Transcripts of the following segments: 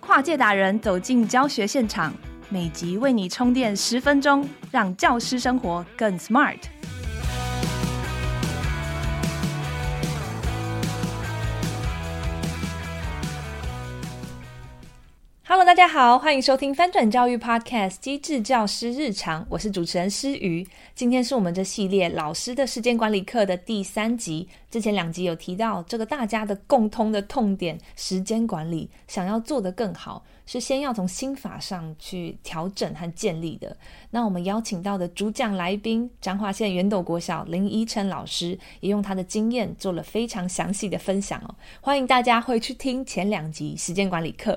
跨界達人走進教學現場，每集為你充電十分鐘，讓教師生活更 smart。大家好，歡迎收聽翻轉教育 Podcast《機智教師日常》，我是主持人詩妤。今天是我們這系列老師的時間管理課的第三集。之前兩集有提到這個大家的共通的痛點——時間管理，想要做得更好，是先要從心法上去調整和建立的。那我們邀請到的主講來賓，彰化縣原斗國小林怡辰老師，也用他的經驗做了非常詳細的分享哦。歡迎大家回去聽前兩集時間管理課。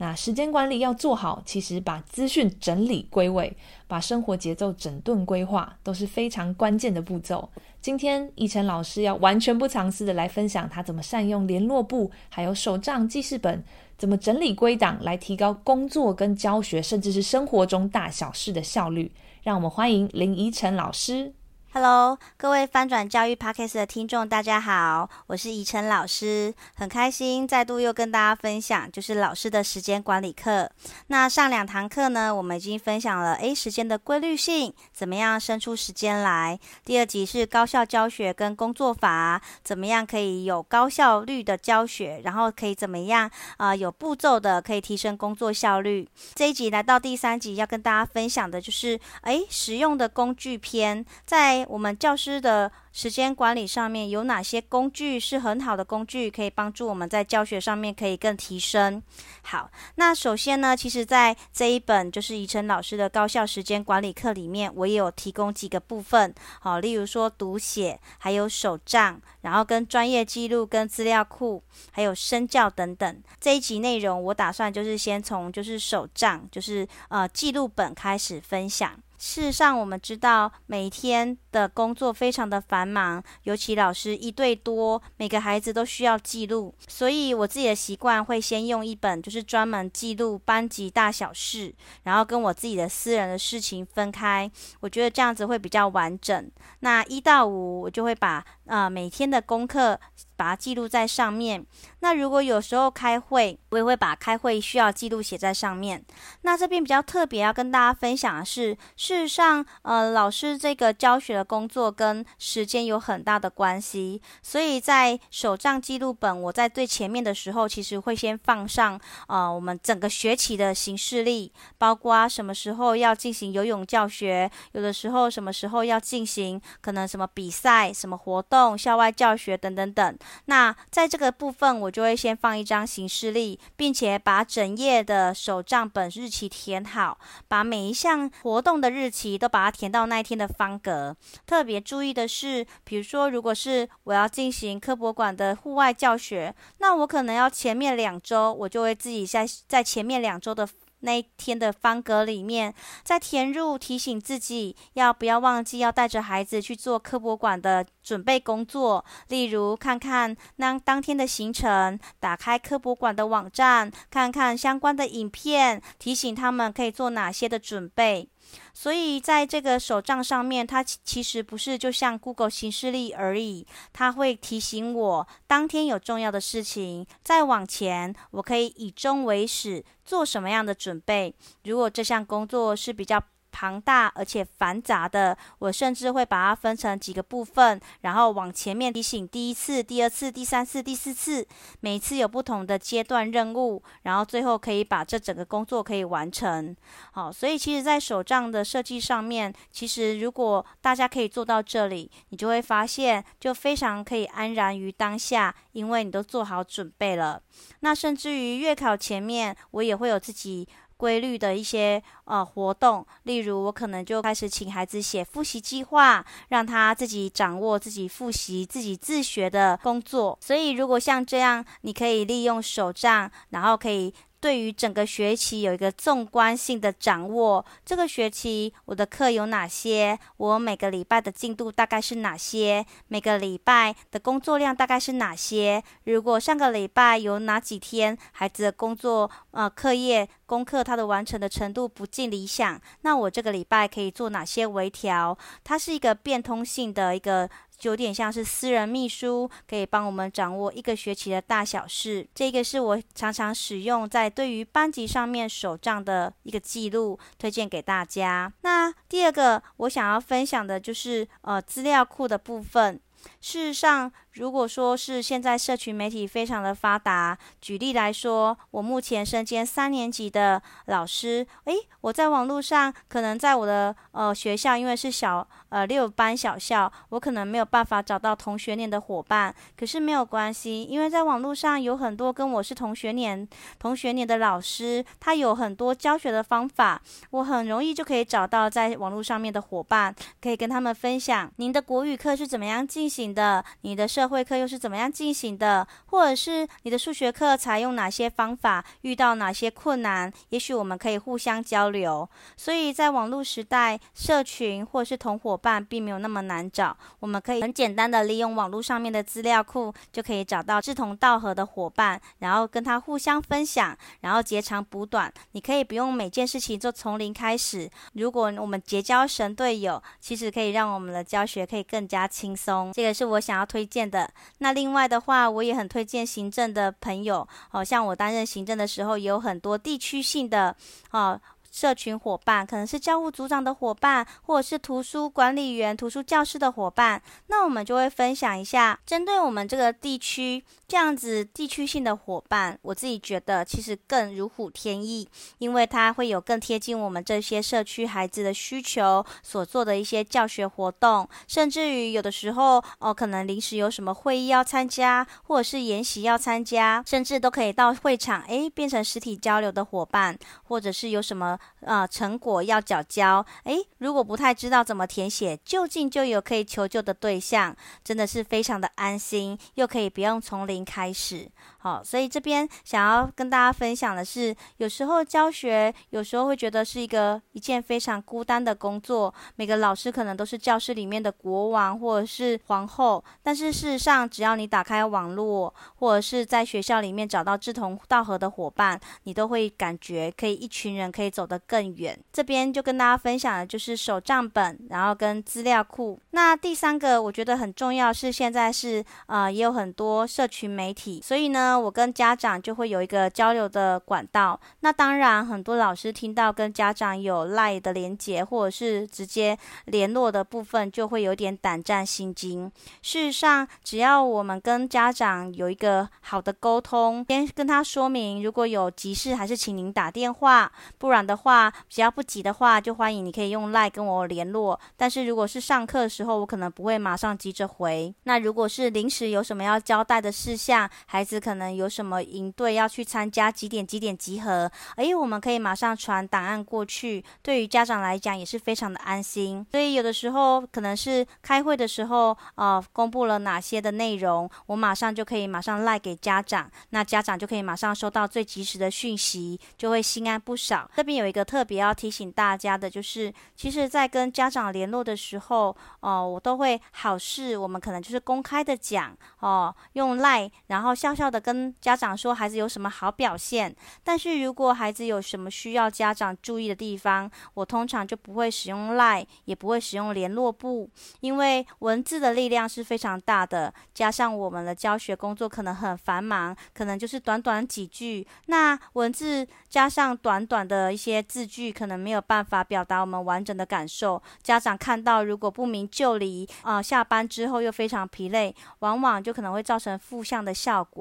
那時間管理要做好，其實把資訊整理歸位，把生活節奏整頓規劃都是非常關鍵的步驟。今天，怡辰老師要完全不藏私的來分享他怎麼善用聯絡簿，還有手賬、記事本，怎麼整理歸檔來提高工作跟教學，甚至是生活中大小事的效率。讓我們歡迎林怡辰老師。Hello，各位翻轉教育 Podcast 的聽眾，大家好，我是怡辰老師，很開心再度又跟大家分享，就是老師的時間管理課。那上兩堂課呢，我們已經分享了誒，時間的規律性，怎麼樣生出時間來。第二集是高效教學跟工作法，怎麼樣可以有高效率的教學，然後可以怎麼樣啊、呃，有步驟的可以提升工作效率。這一集來到第三集，要跟大家分享的就是，誒，實用的工具篇，在。我們教師的時間管理上面有哪些工具是很好的工具，可以幫助我們在教學上面可以更提升？好，那首先呢，其實在這一本就是怡辰老師的高效時間管理課裡面，我也有提供幾個部分，好、哦，例如說讀寫，還有手賬，然後跟專業記錄、跟資料庫，還有聲教等等這一集內容，我打算就是先從就是手賬，就是呃記錄本開始分享。事實上，我們知道每天的工作非常的繁忙，尤其老師一對多，每個孩子都需要記錄。所以我自己的習慣會先用一本，就是專門記錄班級大小事，然後跟我自己的私人的事情分開。我覺得這樣子會比較完整。那一到五，我就會把，呃，每天的功課。把它記錄在上面。那如果有時候開會，我也會把開會需要記錄寫在上面。那這邊比較特別要跟大家分享的是，事實上，呃，老師這個教學的工作跟時間有很大的關係，所以在手賬記錄本，我在最前面的時候，其實會先放上，呃，我們整個學期的行事曆，包括什麼時候要進行游泳教學，有的時候什麼時候要進行，可能什麼比賽、什麼活動、校外教學等等等。那在這個部分，我就會先放一張行事曆，並且把整頁的手賬本日期填好，把每一項活動的日期都把它填到那一天的方格。特別注意的是，比如說，如果是我要進行科博館的戶外教學，那我可能要前面兩週，我就會自己在在前面兩週的。那天的方格裡面，再填入提醒自己要不要忘記要帶着孩子去做科博館的準備工作，例如看看當當天的行程，打開科博館的網站，看看相關的影片，提醒他們可以做哪些的準備。所以，在這個手賬上面，它其實不是就像 Google 行事曆而已，它會提醒我當天有重要的事情。再往前，我可以以終為始，做什麼樣的準備？如果這項工作是比較……龐大而且繁雜的，我甚至會把它分成幾個部分，然後往前面提醒：第一次、第二次、第三次、第四次，每一次有不同的階段任務，然後最後可以把這整個工作可以完成。好，所以其實在手賬的設計上面，其實如果大家可以做到這裡，你就會發現就非常可以安然於當下，因為你都做好準備了。那甚至於月考前面，我也會有自己。規律的一些呃活動，例如我可能就開始請孩子寫複習計劃，讓他自己掌握自己複習、自己自學的工作。所以，如果像這樣，你可以利用手賬，然後可以對於整個學期有一個縱觀性的掌握。這個學期我的課有哪些？我每個禮拜的進度大概是哪些？每個禮拜的工作量大概是哪些？如果上個禮拜有哪幾天孩子的工作呃課業？功課它的完成的程度不盡理想，那我這個禮拜可以做哪些微調？它是一個變通性的一個，有點像是私人秘書，可以幫我們掌握一個學期的大小事。這個是我常常使用在對於班級上面手賬的一個記錄，推薦給大家。那第二個我想要分享的就是呃資料庫的部分。事實上，如果說是現在社群媒體非常的發達，舉例來說，我目前身兼三年級的老師，誒，我在網絡上，可能在我的呃學校，因為是小呃六班小校，我可能沒有辦法找到同學年的夥伴，可是沒有關係，因為在網絡上有很多跟我是同學年同學年的老師，他有很多教學的方法，我很容易就可以找到在網絡上面的夥伴，可以跟他們分享您的國語課是怎麼樣進行的。的，你的社會課又是怎麼樣進行的？或者是你的數學課採用哪些方法？遇到哪些困難？也許我們可以互相交流。所以在網絡時代，社群或是同伙伴並沒有那麼難找。我們可以很簡單的利用網絡上面的資料庫，就可以找到志同道合的夥伴，然後跟他互相分享，然後截長補短。你可以不用每件事情做從零開始。如果我們結交神隊友，其實可以讓我們的教學可以更加輕鬆。這個。是我想要推薦的。那另外的話，我也很推薦行政的朋友。好，哦，像我擔任行政的時候，也有很多地區性的，哦。社群夥伴可能是教務組長的夥伴，或者是圖書管理員、圖書教師的夥伴。那我們就會分享一下，針對我們這個地區這樣子地區性的夥伴，我自己覺得其實更如虎添翼，因為他會有更貼近我們這些社區孩子的需求，所做的一些教學活動，甚至於有的時候哦，可能臨時有什麼會議要參加，或者是研習要參加，甚至都可以到會場，誒，變成實體交流的夥伴，或者是有什麼。呃，成果要繳交，誒。如果不太知道怎麼填寫，就近就有可以求救的對象，真的是非常的安心，又可以不用從零開始。哦，所以這邊想要跟大家分享的是，有時候教學有時候會覺得是一個一件非常孤單的工作，每個老師可能都是教室裡面的國王或者是皇後，但是事實上只要你打開網絡，或者是在學校裡面找到志同道合的夥伴，你都會感覺可以一群人可以走得更遠。這邊就跟大家分享的就是手賬本，然後跟資料庫。那第三個我覺得很重要是現在是呃也有很多社群媒體，所以呢。我跟家長就會有一個交流的管道。那當然，很多老師聽到跟家長有 LINE 的連接，或者是直接聯絡的部分，就會有點膽戰心驚。事實上，只要我們跟家長有一個好的溝通，先跟他說明，如果有急事，還是請您打電話；不然的話，只要不急的話，就歡迎你可以用 LINE 跟我聯絡。但是如果是上課的時候，我可能不會馬上急着回。那如果是臨時有什麼要交代的事項，孩子可能。可能有什麼營隊要去參加，幾點，幾點集合？哎，我們可以馬上傳檔案過去，對於家長來講也是非常的安心。所以有的時候可能是開會的時候，呃，公布了哪些的內容，我馬上就可以馬上賴給家長，那家長就可以馬上收到最及時的訊息，就會心安不少。這邊有一個特別要提醒大家的，就是其實，在跟家長聯絡的時候，哦，我都會好事，我們可能就是公開的講，哦，用賴，然後笑笑的，跟家長說孩子有什麼好表現，但是如果孩子有什麼需要家長注意的地方，我通常就不會使用 Line，也不會使用聯絡簿，因為文字的力量是非常大的，加上我們的教學工作可能很繁忙，可能就是短短幾句，那文字加上短短的一些字句，可能沒有辦法表達我們完整的感受。家長看到如果不明就裡啊、呃，下班之後又非常疲累，往往就可能會造成負向的效果。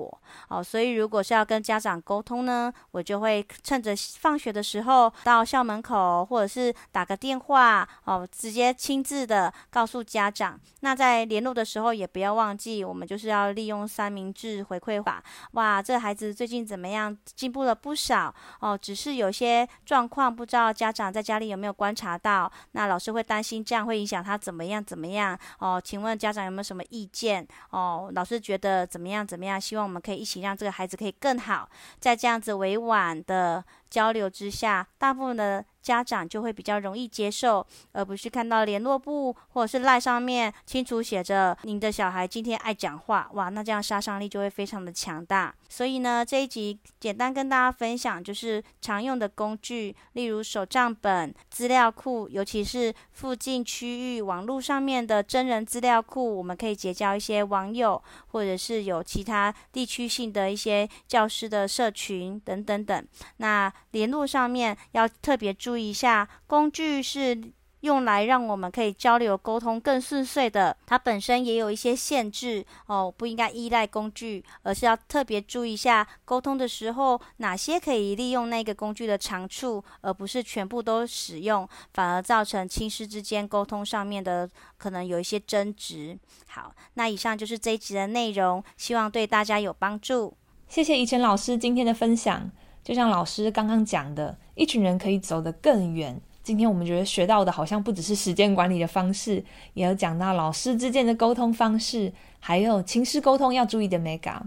哦，所以如果是要跟家長溝通呢，我就會趁着放學的時候到校門口，或者是打個電話哦，直接親自的告訴家長。那在聯絡的時候，也不要忘記，我們就是要利用三明治回饋法。哇，這孩子最近怎麼樣？進步了不少哦，只是有些狀況不知道家長在家裡有沒有觀察到。那老師會擔心這樣會影響他怎麼樣怎麼樣哦？請問家長有沒有什麼意見？哦，老師覺得怎麼樣怎麼樣？希望我們可以一起，讓這個孩子可以更好，在這樣子委婉的交流之下，大部分的。家長就會比較容易接受，而不是看到聯絡簿或者是 LINE 上面清楚寫着您的小孩今天愛講話，哇，那這樣殺傷力就會非常的強大。所以呢，這一集簡單跟大家分享，就是常用的工具，例如手賬本、資料庫，尤其是附近區域網絡上面的真人資料庫，我們可以結交一些網友，或者是有其他地區性的一些教師的社群等等等。那聯絡上面要特別注意。注意一下，工具是用來讓我們可以交流溝通更順遂的，它本身也有一些限制哦，不應該依賴工具，而是要特別注意一下溝通的時候，哪些可以利用那個工具的長處，而不是全部都使用，反而造成親師之間溝通上面的可能有一些爭執。好，那以上就是這一集的內容，希望對大家有幫助。謝謝怡辰老師今天的分享。就像老師剛剛講的，一群人可以走得更遠。今天我們覺得學到的好像不只是時間管理的方式，也有講到老師之間的溝通方式，還有情緒溝通要注意的眉角。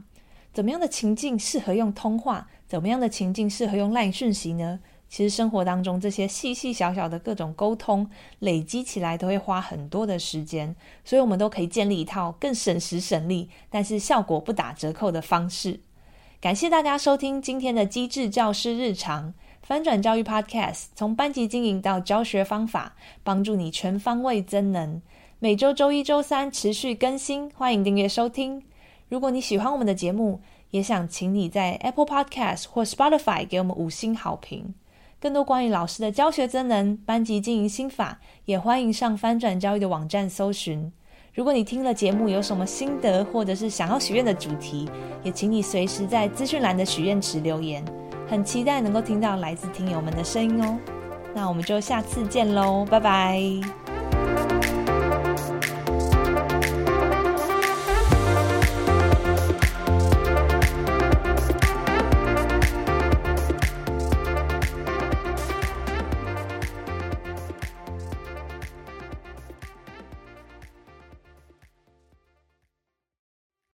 怎麼樣的情境適合用通話？怎麼樣的情境適合用 LINE 訊息呢？其實生活當中這些細細小小的各種溝通，累積起來都會花很多的時間，所以我們都可以建立一套更省時省力，但是效果不打折扣的方式。感謝大家收聽今天的《機智教師日常》翻轉教育 Podcast，從班級經營到教學方法，幫助你全方位增能。每周周一、周三持續更新，歡迎訂閱收聽。如果你喜歡我們的節目，也想請你在 Apple Podcast 或 Spotify 給我們五星好評。更多關於老師的教學增能、班級經營心法，也歡迎上翻轉教育的網站搜尋。如果你聽了節目有什麼心得，或者是想要許願的主題，也請你隨時在資訊欄的許願池留言，很期待能夠聽到來自聽友們的聲音哦。那我們就下次見嘍，拜拜。